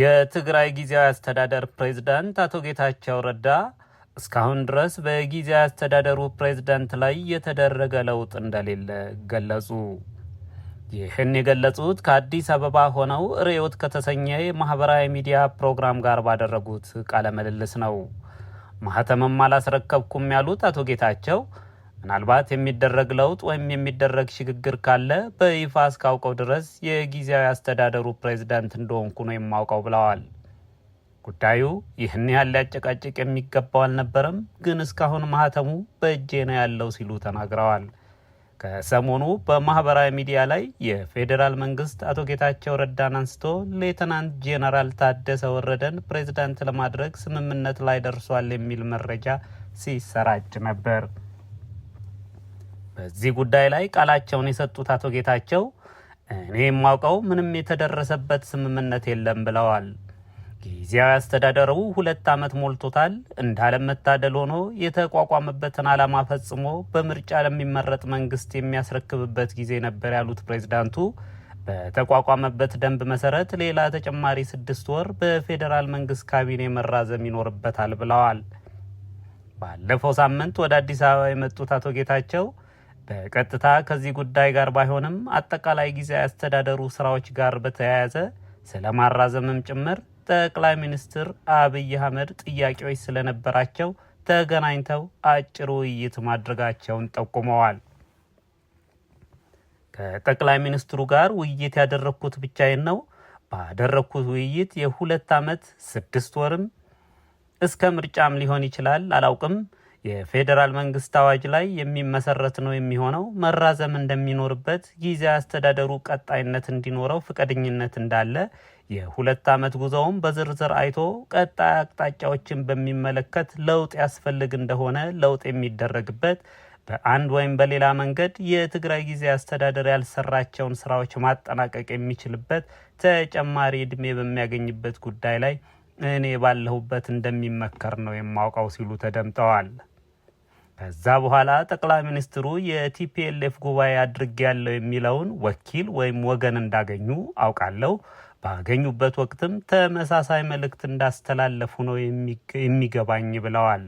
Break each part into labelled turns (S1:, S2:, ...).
S1: የትግራይ ጊዜያዊ አስተዳደር ፕሬዝዳንት አቶ ጌታቸው ረዳ እስካሁን ድረስ በጊዜያዊ አስተዳደሩ ፕሬዝዳንት ላይ የተደረገ ለውጥ እንደሌለ ገለጹ። ይህን የገለጹት ከአዲስ አበባ ሆነው ርዕዮት ከተሰኘ የማህበራዊ ሚዲያ ፕሮግራም ጋር ባደረጉት ቃለ ምልልስ ነው። ማህተምም አላስረከብኩም ያሉት አቶ ጌታቸው ምናልባት የሚደረግ ለውጥ ወይም የሚደረግ ሽግግር ካለ በይፋ እስካውቀው ድረስ የጊዜያዊ አስተዳደሩ ፕሬዝዳንት እንደሆንኩ ነው የማውቀው ብለዋል። ጉዳዩ ይህን ያህል ሊያጨቃጭቅ የሚገባው አልነበረም፣ ግን እስካሁን ማህተሙ በእጄ ነው ያለው ሲሉ ተናግረዋል። ከሰሞኑ በማህበራዊ ሚዲያ ላይ የፌዴራል መንግስት አቶ ጌታቸው ረዳን አንስቶ ሌተናንት ጄኔራል ታደሰ ወረደን ፕሬዝዳንት ለማድረግ ስምምነት ላይ ደርሷል የሚል መረጃ ሲሰራጭ ነበር። በዚህ ጉዳይ ላይ ቃላቸውን የሰጡት አቶ ጌታቸው እኔ የማውቀው ምንም የተደረሰበት ስምምነት የለም ብለዋል። ጊዜያዊ አስተዳደሩ ሁለት ዓመት ሞልቶታል። እንዳለመታደል ሆኖ የተቋቋመበትን ዓላማ ፈጽሞ በምርጫ ለሚመረጥ መንግስት የሚያስረክብበት ጊዜ ነበር ያሉት ፕሬዝዳንቱ በተቋቋመበት ደንብ መሰረት ሌላ ተጨማሪ ስድስት ወር በፌዴራል መንግስት ካቢኔ መራዘም ይኖርበታል ብለዋል። ባለፈው ሳምንት ወደ አዲስ አበባ የመጡት አቶ ጌታቸው በቀጥታ ከዚህ ጉዳይ ጋር ባይሆንም አጠቃላይ ጊዜያዊ አስተዳደሩ ስራዎች ጋር በተያያዘ ስለማራዘምም ጭምር ጠቅላይ ሚኒስትር አብይ አህመድ ጥያቄዎች ስለነበራቸው ተገናኝተው አጭር ውይይት ማድረጋቸውን ጠቁመዋል። ከጠቅላይ ሚኒስትሩ ጋር ውይይት ያደረግኩት ብቻዬን ነው። ባደረግኩት ውይይት የሁለት ዓመት ስድስት ወርም እስከ ምርጫም ሊሆን ይችላል አላውቅም የፌዴራል መንግስት አዋጅ ላይ የሚመሰረት ነው የሚሆነው። መራዘም እንደሚኖርበት፣ ጊዜ አስተዳደሩ ቀጣይነት እንዲኖረው ፍቃደኝነት እንዳለ፣ የሁለት ዓመት ጉዞውም በዝርዝር አይቶ ቀጣይ አቅጣጫዎችን በሚመለከት ለውጥ ያስፈልግ እንደሆነ ለውጥ የሚደረግበት በአንድ ወይም በሌላ መንገድ የትግራይ ጊዜ አስተዳደር ያልሰራቸውን ስራዎች ማጠናቀቅ የሚችልበት ተጨማሪ እድሜ በሚያገኝበት ጉዳይ ላይ እኔ ባለሁበት እንደሚመከር ነው የማውቀው ሲሉ ተደምጠዋል። ከዛ በኋላ ጠቅላይ ሚኒስትሩ የቲፒኤልኤፍ ጉባኤ አድርጌ ያለው የሚለውን ወኪል ወይም ወገን እንዳገኙ አውቃለሁ። ባገኙበት ወቅትም ተመሳሳይ መልእክት እንዳስተላለፉ ነው የሚገባኝ ብለዋል።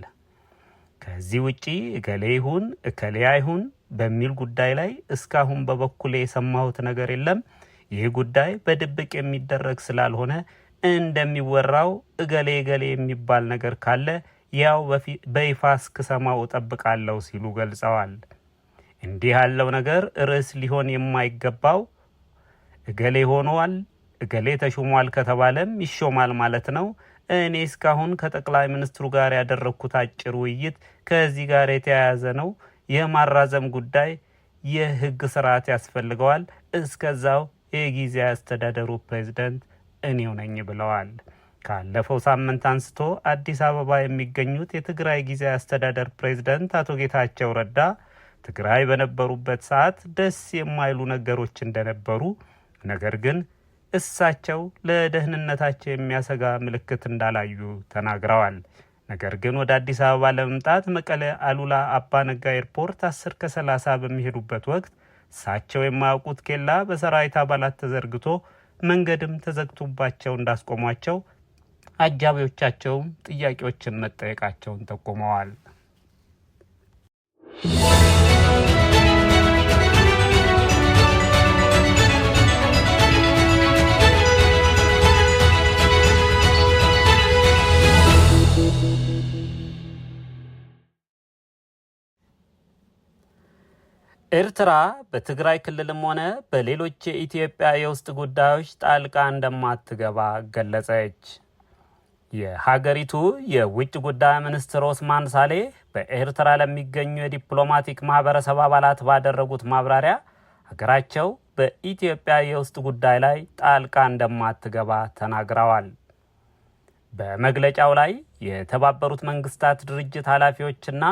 S1: ከዚህ ውጪ እገሌ ይሁን እከሌ አይሁን በሚል ጉዳይ ላይ እስካሁን በበኩሌ የሰማሁት ነገር የለም። ይህ ጉዳይ በድብቅ የሚደረግ ስላልሆነ እንደሚወራው እገሌ እገሌ የሚባል ነገር ካለ ያው በይፋ እስክሰማው እጠብቃለሁ ሲሉ ገልጸዋል። እንዲህ ያለው ነገር ርዕስ ሊሆን የማይገባው እገሌ ሆኗል፣ እገሌ ተሾሟል ከተባለም ይሾማል ማለት ነው። እኔ እስካሁን ከጠቅላይ ሚኒስትሩ ጋር ያደረግኩት አጭር ውይይት ከዚህ ጋር የተያያዘ ነው። የማራዘም ጉዳይ የህግ ስርዓት ያስፈልገዋል። እስከዛው የጊዜያዊ አስተዳደሩ ፕሬዝደንት እኔው ነኝ ብለዋል። ካለፈው ሳምንት አንስቶ አዲስ አበባ የሚገኙት የትግራይ ጊዜ አስተዳደር ፕሬዝደንት አቶ ጌታቸው ረዳ ትግራይ በነበሩበት ሰዓት ደስ የማይሉ ነገሮች እንደነበሩ፣ ነገር ግን እሳቸው ለደህንነታቸው የሚያሰጋ ምልክት እንዳላዩ ተናግረዋል። ነገር ግን ወደ አዲስ አበባ ለመምጣት መቀለ አሉላ አባ ነጋ ኤርፖርት አስር ከሰላሳ በሚሄዱበት ወቅት እሳቸው የማያውቁት ኬላ በሰራዊት አባላት ተዘርግቶ መንገድም ተዘግቶባቸው እንዳስቆሟቸው አጃቢዎቻቸውም ጥያቄዎችን መጠየቃቸውን ጠቁመዋል።
S2: ኤርትራ በትግራይ ክልልም ሆነ በሌሎች የኢትዮጵያ የውስጥ ጉዳዮች ጣልቃ እንደማትገባ ገለጸች። የሀገሪቱ የውጭ ጉዳይ ሚኒስትር ኦስማን ሳሌ በኤርትራ ለሚገኙ የዲፕሎማቲክ ማህበረሰብ አባላት ባደረጉት ማብራሪያ ሀገራቸው በኢትዮጵያ የውስጥ ጉዳይ ላይ ጣልቃ እንደማትገባ ተናግረዋል። በመግለጫው ላይ የተባበሩት መንግስታት ድርጅት ኃላፊዎችና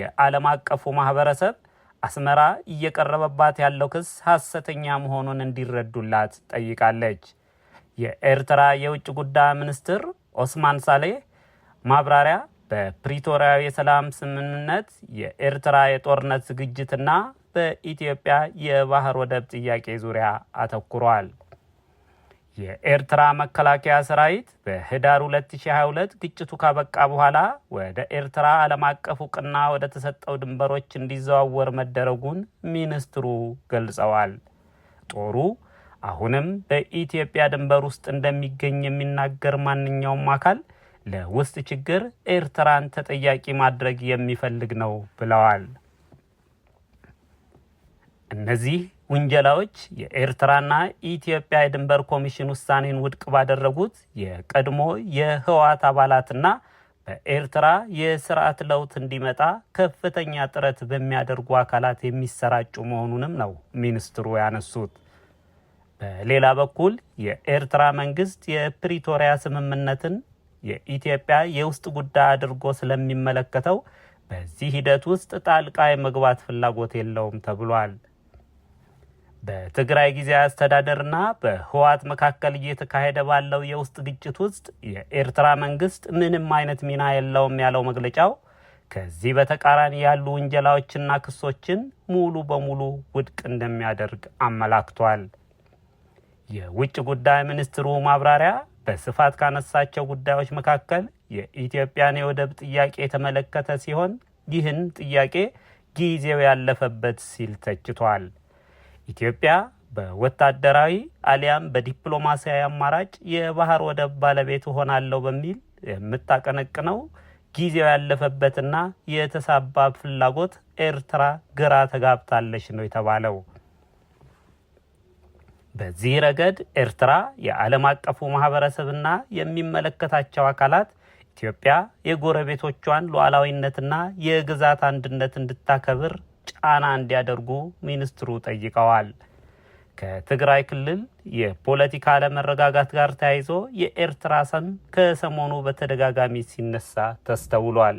S2: የዓለም አቀፉ ማህበረሰብ አስመራ እየቀረበባት ያለው ክስ ሐሰተኛ መሆኑን እንዲረዱላት ጠይቃለች። የኤርትራ የውጭ ጉዳይ ሚኒስትር ኦስማን ሳሌ ማብራሪያ በፕሪቶሪያዊ የሰላም ስምምነት የኤርትራ የጦርነት ዝግጅትና በኢትዮጵያ የባህር ወደብ ጥያቄ ዙሪያ አተኩሯል። የኤርትራ መከላከያ ሰራዊት በህዳር 2022 ግጭቱ ካበቃ በኋላ ወደ ኤርትራ ዓለም አቀፍ እውቅና ወደ ተሰጠው ድንበሮች እንዲዘዋወር መደረጉን ሚኒስትሩ ገልጸዋል። ጦሩ አሁንም በኢትዮጵያ ድንበር ውስጥ እንደሚገኝ የሚናገር ማንኛውም አካል ለውስጥ ችግር ኤርትራን ተጠያቂ ማድረግ የሚፈልግ ነው ብለዋል። እነዚህ ውንጀላዎች የኤርትራና ኢትዮጵያ የድንበር ኮሚሽን ውሳኔን ውድቅ ባደረጉት የቀድሞ የህወሓት አባላትና በኤርትራ የስርዓት ለውጥ እንዲመጣ ከፍተኛ ጥረት በሚያደርጉ አካላት የሚሰራጩ መሆኑንም ነው ሚኒስትሩ ያነሱት። በሌላ በኩል የኤርትራ መንግስት የፕሪቶሪያ ስምምነትን የኢትዮጵያ የውስጥ ጉዳይ አድርጎ ስለሚመለከተው በዚህ ሂደት ውስጥ ጣልቃ የመግባት ፍላጎት የለውም ተብሏል። በትግራይ ጊዜያዊ አስተዳደርና በህወሓት መካከል እየተካሄደ ባለው የውስጥ ግጭት ውስጥ የኤርትራ መንግስት ምንም አይነት ሚና የለውም ያለው መግለጫው ከዚህ በተቃራኒ ያሉ ውንጀላዎችና ክሶችን ሙሉ በሙሉ ውድቅ እንደሚያደርግ አመላክቷል። የውጭ ጉዳይ ሚኒስትሩ ማብራሪያ በስፋት ካነሳቸው ጉዳዮች መካከል የኢትዮጵያን የወደብ ጥያቄ የተመለከተ ሲሆን ይህን ጥያቄ ጊዜው ያለፈበት ሲል ተችቷል። ኢትዮጵያ በወታደራዊ አሊያም በዲፕሎማሲያዊ አማራጭ የባህር ወደብ ባለቤት እሆናለሁ በሚል የምታቀነቅነው ጊዜው ያለፈበትና የተሳባ ፍላጎት ኤርትራ ግራ ተጋብታለች ነው የተባለው። በዚህ ረገድ ኤርትራ የዓለም አቀፉ ማህበረሰብና የሚመለከታቸው አካላት ኢትዮጵያ የጎረቤቶቿን ሉዓላዊነትና የግዛት አንድነት እንድታከብር ጫና እንዲያደርጉ ሚኒስትሩ ጠይቀዋል። ከትግራይ ክልል የፖለቲካ አለመረጋጋት ጋር ተያይዞ የኤርትራ ስም ከሰሞኑ በተደጋጋሚ ሲነሳ ተስተውሏል።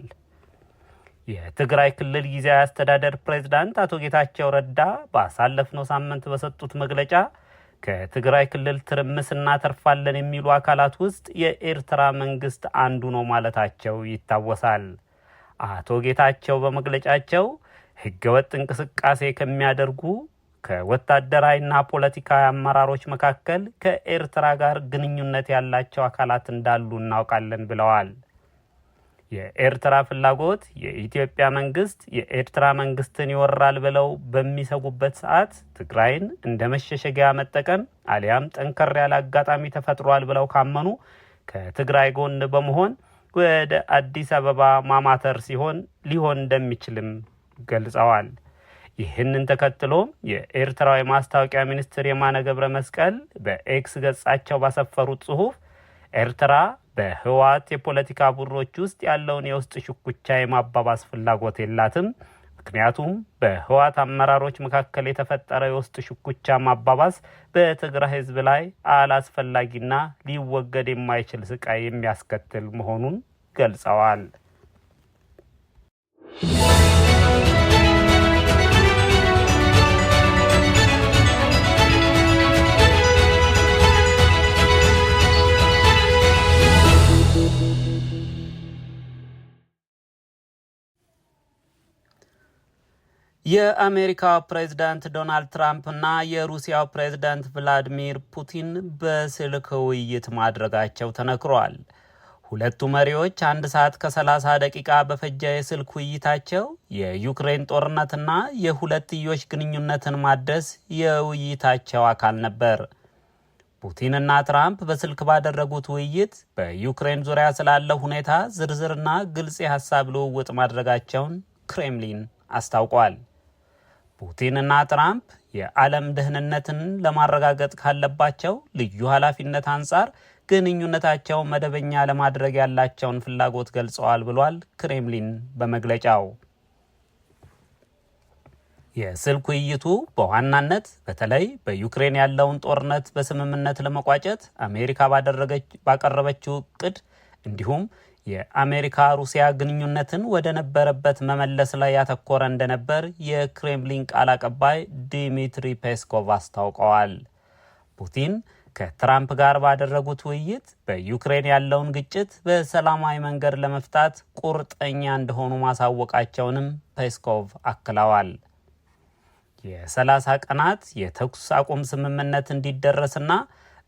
S2: የትግራይ ክልል ጊዜያዊ አስተዳደር ፕሬዝዳንት አቶ ጌታቸው ረዳ ባሳለፍነው ሳምንት በሰጡት መግለጫ ከትግራይ ክልል ትርምስ እናተርፋለን የሚሉ አካላት ውስጥ የኤርትራ መንግስት አንዱ ነው ማለታቸው ይታወሳል። አቶ ጌታቸው በመግለጫቸው ህገወጥ እንቅስቃሴ ከሚያደርጉ ከወታደራዊና ፖለቲካዊ አመራሮች መካከል ከኤርትራ ጋር ግንኙነት ያላቸው አካላት እንዳሉ እናውቃለን ብለዋል። የኤርትራ ፍላጎት የኢትዮጵያ መንግስት የኤርትራ መንግስትን ይወራል ብለው በሚሰጉበት ሰዓት ትግራይን እንደ መሸሸጊያ መጠቀም አሊያም ጠንከር ያለ አጋጣሚ ተፈጥሯል ብለው ካመኑ ከትግራይ ጎን በመሆን ወደ አዲስ አበባ ማማተር ሲሆን ሊሆን እንደሚችልም ገልጸዋል። ይህንን ተከትሎ የኤርትራዊ ማስታወቂያ ሚኒስትር የማነ ገብረ መስቀል በኤክስ ገጻቸው ባሰፈሩት ጽሁፍ ኤርትራ በህወሓት የፖለቲካ ቡድኖች ውስጥ ያለውን የውስጥ ሽኩቻ የማባባስ ፍላጎት የላትም። ምክንያቱም በህወሓት አመራሮች መካከል የተፈጠረ የውስጥ ሽኩቻ ማባባስ በትግራይ ህዝብ ላይ አላስፈላጊና ሊወገድ የማይችል ስቃይ የሚያስከትል መሆኑን ገልጸዋል። የአሜሪካ ፕሬዝዳንት ዶናልድ ትራምፕ እና የሩሲያው ፕሬዝዳንት ቭላዲሚር ፑቲን በስልክ ውይይት ማድረጋቸው ተነግሯል። ሁለቱ መሪዎች አንድ ሰዓት ከ30 ደቂቃ በፈጀ የስልክ ውይይታቸው የዩክሬን ጦርነትና የሁለትዮሽ ግንኙነትን ማደስ የውይይታቸው አካል ነበር። ፑቲንና ትራምፕ በስልክ ባደረጉት ውይይት በዩክሬን ዙሪያ ስላለው ሁኔታ ዝርዝርና ግልጽ የሀሳብ ልውውጥ ማድረጋቸውን ክሬምሊን አስታውቋል። ፑቲንና ትራምፕ የዓለም ደህንነትን ለማረጋገጥ ካለባቸው ልዩ ኃላፊነት አንጻር ግንኙነታቸው መደበኛ ለማድረግ ያላቸውን ፍላጎት ገልጸዋል ብሏል ክሬምሊን በመግለጫው። የስልክ ውይይቱ በዋናነት በተለይ በዩክሬን ያለውን ጦርነት በስምምነት ለመቋጨት አሜሪካ ባቀረበችው እቅድ እንዲሁም የአሜሪካ ሩሲያ ግንኙነትን ወደ ነበረበት መመለስ ላይ ያተኮረ እንደነበር የክሬምሊን ቃል አቀባይ ዲሚትሪ ፔስኮቭ አስታውቀዋል። ፑቲን ከትራምፕ ጋር ባደረጉት ውይይት በዩክሬን ያለውን ግጭት በሰላማዊ መንገድ ለመፍታት ቁርጠኛ እንደሆኑ ማሳወቃቸውንም ፔስኮቭ አክለዋል። የሰላሳ ቀናት የተኩስ አቁም ስምምነት እንዲደረስና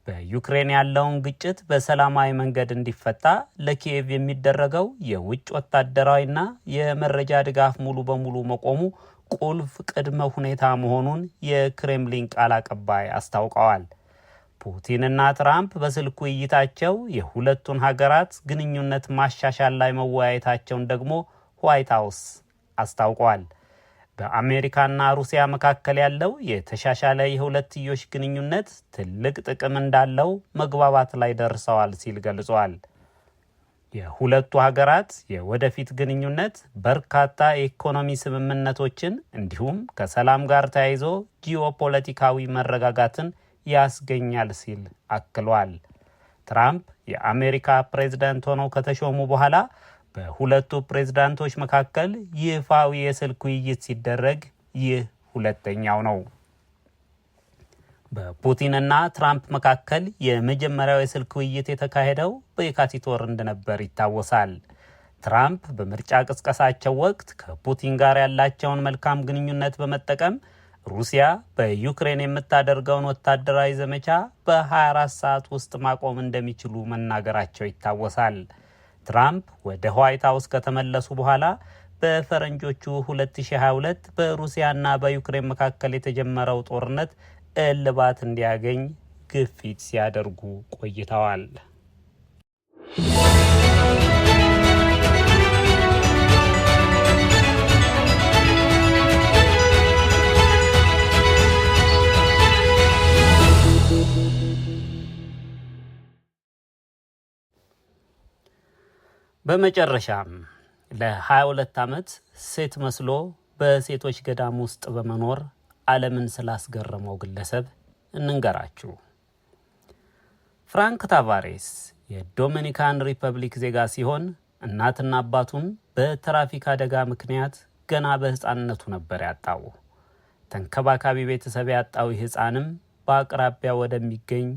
S2: በዩክሬን ያለውን ግጭት በሰላማዊ መንገድ እንዲፈታ ለኪየቭ የሚደረገው የውጭ ወታደራዊና የመረጃ ድጋፍ ሙሉ በሙሉ መቆሙ ቁልፍ ቅድመ ሁኔታ መሆኑን የክሬምሊን ቃል አቀባይ አስታውቀዋል። ፑቲንና ትራምፕ በስልክ ውይይታቸው የሁለቱን ሀገራት ግንኙነት ማሻሻል ላይ መወያየታቸውን ደግሞ ዋይት ሀውስ አስታውቀዋል። በአሜሪካና ሩሲያ መካከል ያለው የተሻሻለ የሁለትዮሽ ግንኙነት ትልቅ ጥቅም እንዳለው መግባባት ላይ ደርሰዋል ሲል ገልጿል። የሁለቱ ሀገራት የወደፊት ግንኙነት በርካታ የኢኮኖሚ ስምምነቶችን እንዲሁም ከሰላም ጋር ተያይዞ ጂኦፖለቲካዊ መረጋጋትን ያስገኛል ሲል አክሏል። ትራምፕ የአሜሪካ ፕሬዝዳንት ሆነው ከተሾሙ በኋላ በሁለቱ ፕሬዝዳንቶች መካከል ይፋዊ የስልክ ውይይት ሲደረግ ይህ ሁለተኛው ነው። በፑቲንና ትራምፕ መካከል የመጀመሪያው የስልክ ውይይት የተካሄደው በየካቲት ወር እንደነበር ይታወሳል። ትራምፕ በምርጫ ቅስቀሳቸው ወቅት ከፑቲን ጋር ያላቸውን መልካም ግንኙነት በመጠቀም ሩሲያ በዩክሬን የምታደርገውን ወታደራዊ ዘመቻ በ24 ሰዓት ውስጥ ማቆም እንደሚችሉ መናገራቸው ይታወሳል። ትራምፕ ወደ ዋይት ሀውስ ከተመለሱ በኋላ በፈረንጆቹ 2022 በሩሲያና በዩክሬን መካከል የተጀመረው ጦርነት እልባት እንዲያገኝ ግፊት ሲያደርጉ ቆይተዋል።
S3: በመጨረሻም ለ22 ዓመት ሴት መስሎ በሴቶች ገዳም ውስጥ በመኖር ዓለምን ስላስገረመው ግለሰብ እንንገራችሁ። ፍራንክ ታቫሬስ የዶሚኒካን ሪፐብሊክ ዜጋ ሲሆን እናትና አባቱን በትራፊክ አደጋ ምክንያት ገና በሕፃንነቱ ነበር ያጣው። ተንከባካቢ ቤተሰብ ያጣው ይህ ሕፃንም በአቅራቢያ ወደሚገኝ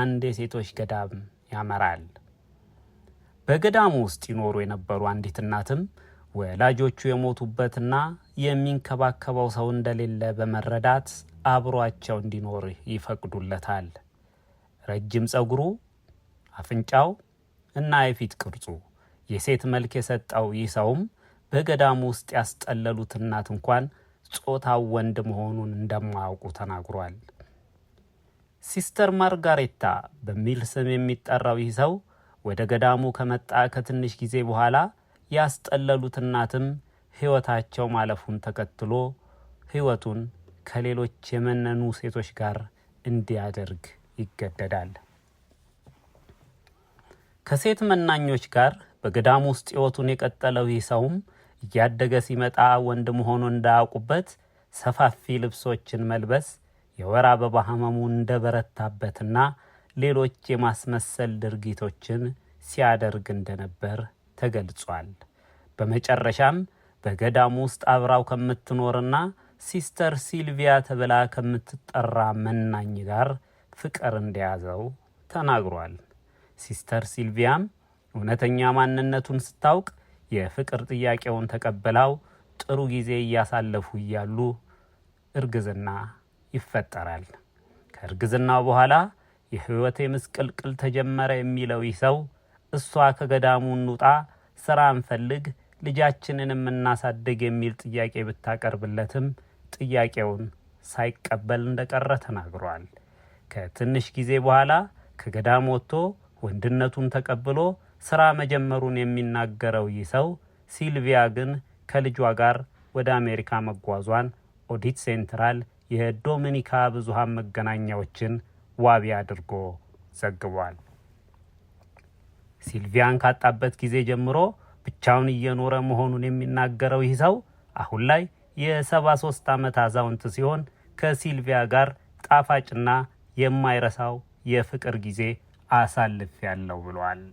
S3: አንድ የሴቶች ገዳም ያመራል። በገዳሙ ውስጥ ይኖሩ የነበሩ አንዲት እናትም ወላጆቹ የሞቱበትና የሚንከባከበው ሰው እንደሌለ በመረዳት አብሯቸው እንዲኖር ይፈቅዱለታል። ረጅም ጸጉሩ፣ አፍንጫው እና የፊት ቅርጹ የሴት መልክ የሰጠው ይህ ሰውም በገዳሙ ውስጥ ያስጠለሉት እናት እንኳን ጾታው ወንድ መሆኑን እንደማያውቁ ተናግሯል። ሲስተር ማርጋሬታ በሚል ስም የሚጠራው ይህ ሰው ወደ ገዳሙ ከመጣ ከትንሽ ጊዜ በኋላ ያስጠለሉት እናትም ሕይወታቸው ማለፉን ተከትሎ ሕይወቱን ከሌሎች የመነኑ ሴቶች ጋር እንዲያደርግ ይገደዳል። ከሴት መናኞች ጋር በገዳሙ ውስጥ ሕይወቱን የቀጠለው ይህ ሰውም እያደገ ሲመጣ ወንድ መሆኑን እንዳያውቁበት ሰፋፊ ልብሶችን መልበስ የወር አበባ ህመሙ እንደበረታበትና ሌሎች የማስመሰል ድርጊቶችን ሲያደርግ እንደነበር ተገልጿል። በመጨረሻም በገዳሙ ውስጥ አብራው ከምትኖርና ሲስተር ሲልቪያ ተብላ ከምትጠራ መናኝ ጋር ፍቅር እንደያዘው ተናግሯል። ሲስተር ሲልቪያም እውነተኛ ማንነቱን ስታውቅ የፍቅር ጥያቄውን ተቀበላው። ጥሩ ጊዜ እያሳለፉ እያሉ እርግዝና ይፈጠራል። ከእርግዝናው በኋላ የሕይወቴ ምስቅልቅል ተጀመረ የሚለው ይህ ሰው እሷ ከገዳሙ እንውጣ፣ ስራ እንፈልግ፣ ልጃችንን የምናሳድግ የሚል ጥያቄ ብታቀርብለትም ጥያቄውን ሳይቀበል እንደቀረ ተናግሯል። ከትንሽ ጊዜ በኋላ ከገዳም ወጥቶ ወንድነቱን ተቀብሎ ስራ መጀመሩን የሚናገረው ይህ ሰው ሲልቪያ ግን ከልጇ ጋር ወደ አሜሪካ መጓዟን ኦዲት ሴንትራል የዶሚኒካ ብዙሃን መገናኛዎችን ዋቢ አድርጎ ዘግቧል። ሲልቪያን ካጣበት ጊዜ ጀምሮ ብቻውን እየኖረ መሆኑን የሚናገረው ይህ ሰው አሁን ላይ የሰባ ሶስት ዓመት አዛውንት ሲሆን ከሲልቪያ ጋር ጣፋጭና የማይረሳው የፍቅር ጊዜ አሳልፍ ያለው ብሏል።